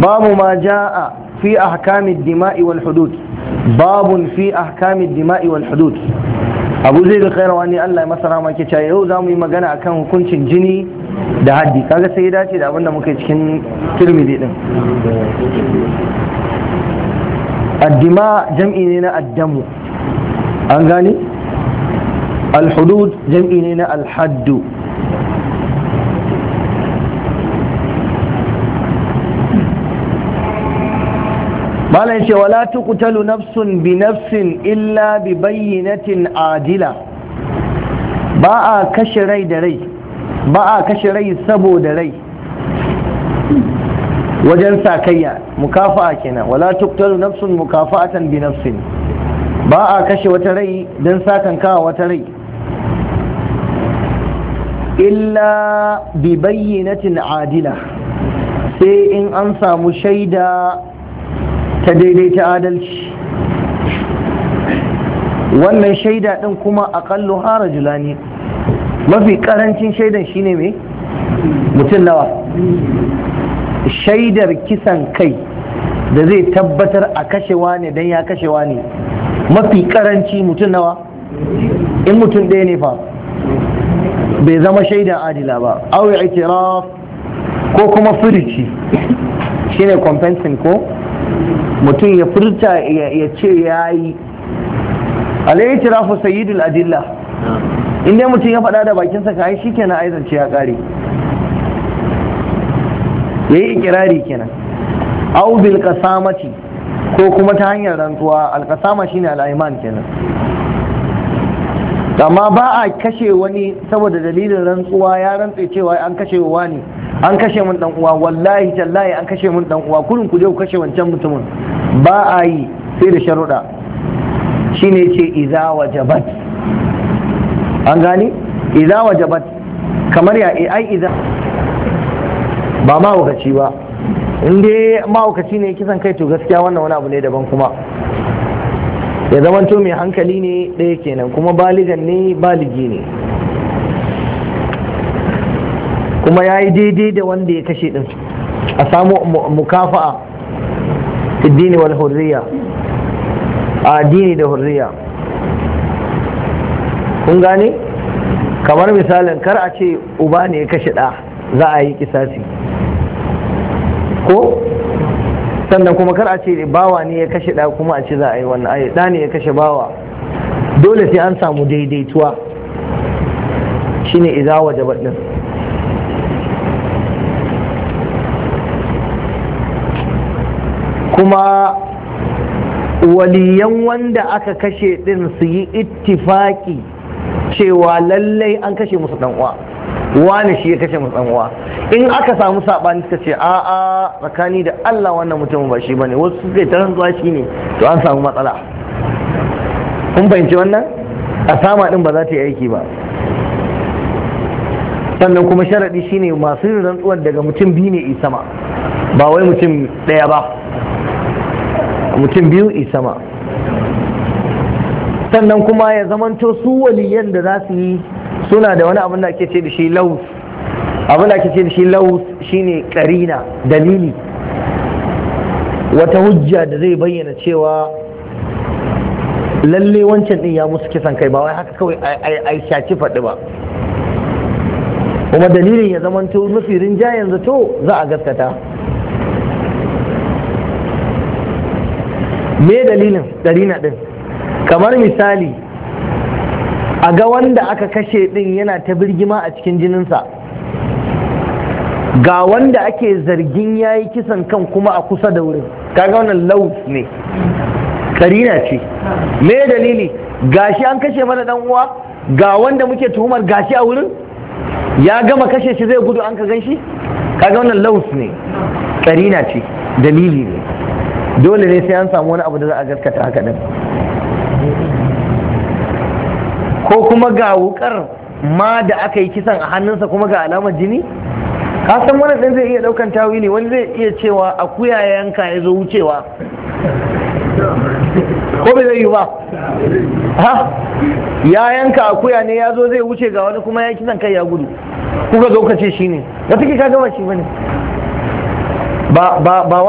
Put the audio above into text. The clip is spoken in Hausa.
babu ma ja'a fi ahkamid dima'i wal hudud babun fi ahkamid dima'i wal hudud abu zai da kairawa ne Allah ya masa rama ke yau zamu yi magana akan hukuncin jini da haddi kaga sai ya dace da abin da muka yi cikin tirmidhi din addima jam'i ne na addamu an jam'i ne na al malam ce wala tuqtalu nafsun bi nafsin illa bi bayyinatin adila ba a kashe rai da rai ba a kashe rai saboda rai wajen sakayya mukafa'a kenan wala tuqtalu nafsun mukafa'atan bi nafsin ba a kashe wata rai don sakankawa wata rai illa bi bayyinatin adila sai in an samu shaida ta daidai ta adalci wannan shaida din kuma aƙallu hara julani. mafi ƙarancin shaidan shine mai mutum nawa shaidar kisan kai da zai tabbatar a kashewa ne don ya kashewa ne mafi ƙaranci mutum nawa in mutum ɗaya ne fa bai zama shaida adila ba awi itiraf ko kuma firici shine compensing ko mutum ya furta ya ce ya yi alayi tirafu sayyidul adilla inda mutum ya faɗa da bakinsa ka yi shi kenan aizance ya kare. ya yi ikirari kenan au bil kasamati ko kuma ta hanyar rantsuwa alkasama ne al'aiman kenan amma ba a kashe wani saboda dalilin rantsuwa ya rantse cewa an kashe wa ne an kashe mun dan uwa wallahi tallahi an kashe mun dan uwa kurin ku je ku kashe wancan mutumin ba a yi sai da sharuɗa shine ce idza wajabat an gane idza wajabat kamar ya eh, ai idza ba ma wakaci ba in dai mahaukaci ne kisan kai to gaskiya wannan wani abu ne daban kuma ya zamanto mai hankali ne ɗaya kenan kuma baligan ne baligi ne kuma ya yi daidai da wanda ya kashe din a samu mukafa'a fi dini wal hurriya a dini da hurriya kun gane kamar misalin kar a ce uba ne ya kashe ɗa za a yi kisasi ko sannan kuma kar a ce bawa ne ya kashe ɗa kuma a ce za a yi wannan ayi ɗa ne ya kashe bawa dole sai an samu daidaituwa shine izawa da baɗin kuma waliyan wanda aka kashe din su yi ittifaki cewa lallai an kashe musu uwa wani shi ya kashe musu uwa in aka samu saɓani suka ce a a tsakani da allah wannan mutumin ba shi ba ne wasu suka ta rantsuwa shi ne to an samu matsala kun fahimci wannan a sama din ba za ta yi aiki ba sannan kuma sharaɗi shine masu rantsuwar daga mutum biyu ne isama ba wai mutum ɗaya ba mutum biyu isama sama sannan kuma ya zamanto su waliyan da za su yi suna da wani abin da ake ce da shi laus abin da ake ce da shi laus shine karina dalili wata hujja da zai bayyana cewa lalle wancan din ya musu kisan kai ba wai haka kawai ai shaci faɗi ba kuma dalilin ya zamanto mafi yanzu to za a gaskata me dalilin darina din kamar misali a ga wanda aka kashe din yana ta birgima a cikin jininsa ga wanda ake zargin ya yi kisan kan kuma a kusa da wurin kaga wannan laus ne karina ce me dalili gashi an kashe mana dan uwa ga wanda muke tuhumar gashi a wurin ya gama kashe shi zai gudu an ka gan shi kaga wannan laus ne karina ce dalili ne dole ne sai an samu wani abu da za a gaskata haka din ko kuma ga wukar ma da aka yi kisan a hannunsa kuma ga alamar jini kasan wani ɗin zai iya ɗaukan tawi ne wani zai iya cewa akuya yanka ya zo wucewa ko bai zai yi ba ha ya yanka akuya ne ya zo zai wuce ga wani kuma ya kisan kai ya gudu kuka zo ce shi ne da ka gama shi ba ba ba